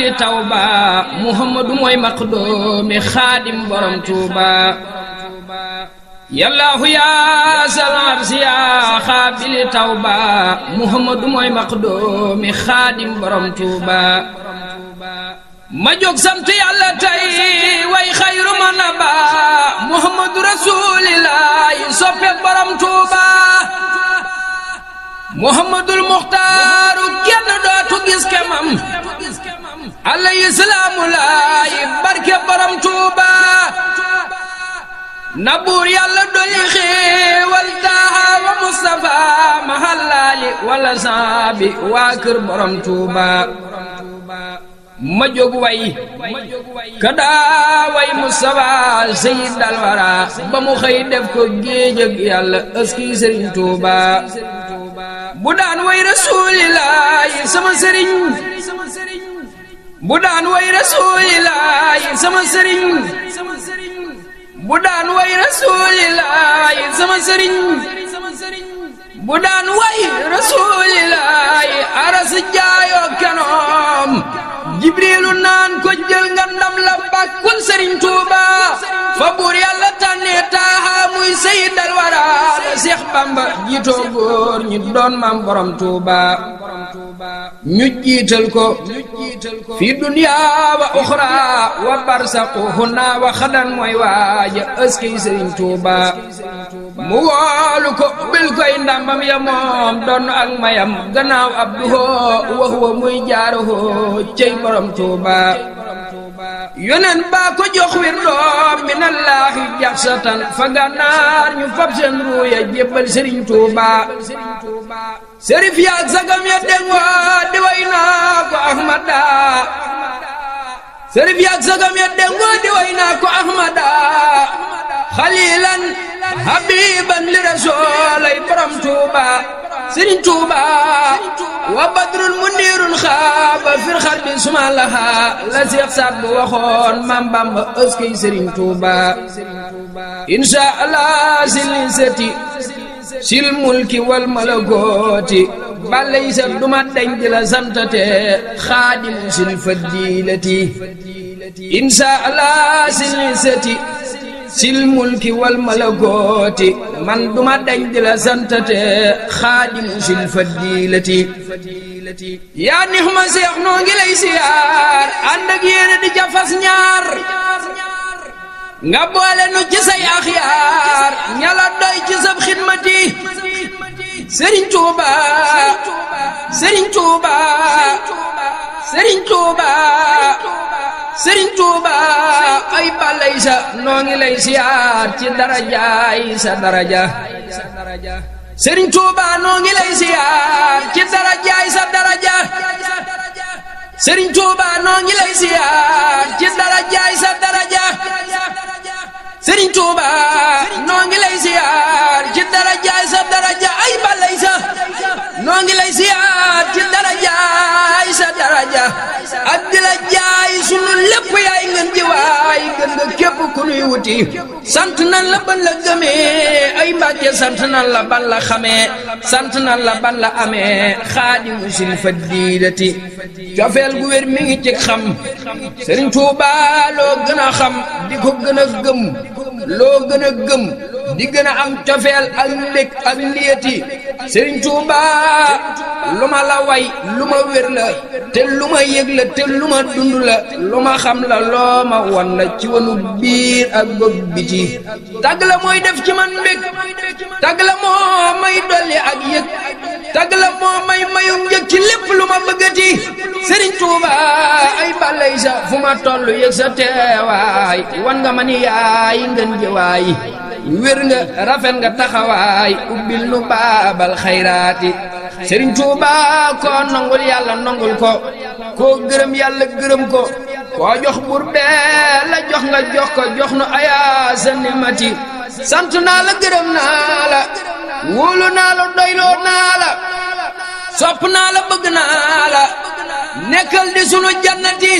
li tawba muhammadu mooy maqdoomi xaadim borom tuuba yallaahu yaa salaam si yaa xaabili tawba muhammadu mooy maqdoomi xaadim borom tuuba ma jóg sant yàlla tey way xayru man aba muhammadu rasuulillah soppe borom tuuba muhammadul muxtaaru kenn dootu gis kemam alayhi salaamu barke borom Tuuba na buur yàlla doli xéewal taaha wa Mustafa mahalaali wala saabi waa kër borom Tuuba ma jóg way kadaa way Mustafa sayid dalwara ba mu xëy def ko géej yàlla aski sëriñ Tuuba bu daan way rasuulillaahi sama sëriñ bu daan way rasuulillaahi sama sëriñ bu daan way rasuulillaahi sama sëriñ bu jibriilu naan ko jël nga la bàkkul sëriñ tuuba fa buur yàlla tànnee taaha muy sayyidal wara seex bamba jiitoo góor ñi doon maam borom tuuba ñu jiital ko fi duniyaa wa uxraa wa barsaqu hunaa wa xadan mooy waaja ëskey sëriñ Tuuba mu woolu ko bil koy ndàmbam ya moom donn ak mayam gannaaw abduhoo wa huwa muy jaarahoo cey borom Tuuba yonen baa ko jox wir doom minallaahi jaxsatan fa gànnaar ñu fab seen ruuya jébbal sëriñ Tuuba sërif yaag sagam ya dengoo di way naa ko ahmada sërif yaag sagam ya dengoo di way naa ko ahmada xalilan habiban li rasoolay borom Tuuba sëriñ Tuuba wa badrun muniirun xaaba fir xar bi suma laxa la Seex Saad bu waxoon maam Bamba ëskey sëriñ Tuuba insha allah sil seti sil mulki wal malakooti balay sa duma dañ di la santate xaadim sil fadilati insha allah sil seti sil mulki wal malakooti man duma dañ di la santate xaadimu sil fadilati yaa nix ma seex noo ngi lay siyaar ànd ak yéene di jafas ñaar nga boole nu ci say axyaar ñala doy ci sab xidmati tuuba sëriñ tuuba sëriñ tuuba sëriñ Tuuba ay balay sa ngi lay siyaar ci darajaay daraja sëriñ daraja sëriñ Tuuba noo ngi lay ci daraja sëriñ daraja noo ngi lay siyaat ci darajaay sa daraja ak la jaay sunu lépp yaay ngeen ji waay gën nga képp ku nuy wuti sant nan la ban la gëmee ay mbàkke sant nan la ban la xamee sant nan la ban la amee xaadimu sin fa diidati cofeel gu wér mi ngi ci xam Sëriñ Tuubaa loo gën a xam di ko gën a gëm loo gën a gëm di gën a am cofeel ak ndég ak liyati sëriñ Tuuba lu ma la way lu ma wér te lu ma yëg la te lu ma dund la lu ma xam la loo ma wan la ci wanu biir ak bëgg biti tagg la mooy def ci man mbég tagg la moo may dolli ak yëg tagg la moo may mayu njëg ci lépp lu ma bëggati sëriñ Tuuba ay bàllay sa fu ma toll yëg sa teewaay wan nga ma ni yaay ngën jëwaay wér nga rafet nga taxawaay ubbil nu baabal xayraati sëriñ Tuuba nongul yàlla nongul ko koo gërëm yàlla gërëm ko koo jox bur bee la jox nga jox ko jox nu ayaa sa nimati sant naa la gërëm naa la wóolu naa la doyloo naa la sopp naa la bëgg naa la nekkal di sunu jannati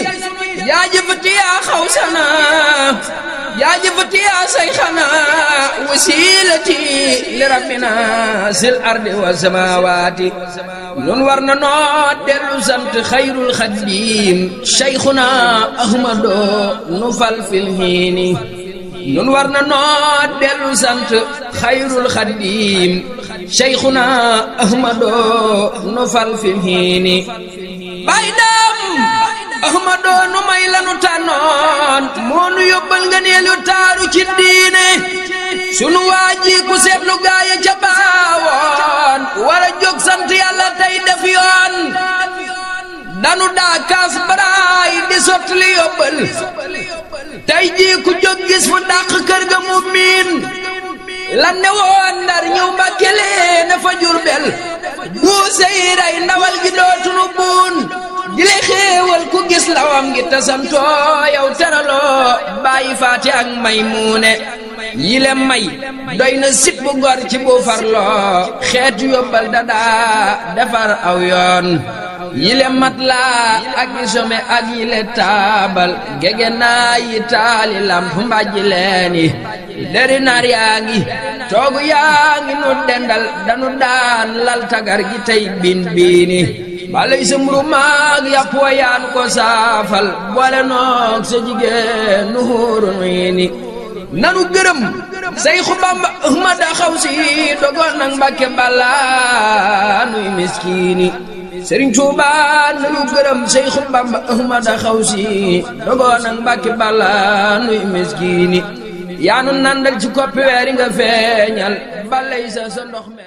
yaa jëfati yaa xaw sanaa جاجبتي يا شيخنا وسيلتي لربنا في الارض والسماوات ننورنا نودل سمت خير الخديم شيخنا احمد نفل في الهين ننورنا نودل سمت خير الخديم شيخنا احمد نفل في الهين بعد ahmadoo nu may lanu tànnoon moo nu yóbbal nga neelu taaru ci diine sunu waa ji ku seetlu ca baawoon war a sant yàlla tey def yoon danu daa kaas baraay di sotti yóbbal tey jii ku fu dàq kër ga mu miin lan ne woon ndar ñëw mbàkkele na fa jurbel buuse yi rey ndawal gi dootunu buun di lay ku gis lawam ngi tasantoo yow teraloo bàyyi faate ak may muune yi le may doy na sit bu gor ci bu farloo xeetu yóbbal dadaa defar aw yoon yile matelas ak yi some ak yile taabal gege naa yi taali lamp mbàjji leeni deri naar yaa ngi toogu yaa ngi nu dendal danu daan lal tagar gi tey biin biini balay sa mburu maag yàpp wa yaan ko saafal boole noog sa jigéen nu xuurun yi ni nanu gërëm say xubamba ahmada xaw si dogoon nag mbàkke nuy miskiini sëriñ nanu gërëm say xubamba ahmada xaw si dogoon nag mbàkke balaa nuy miskiini yaanu nandal ci koppi weeri nga feeñal balay sa sa ndox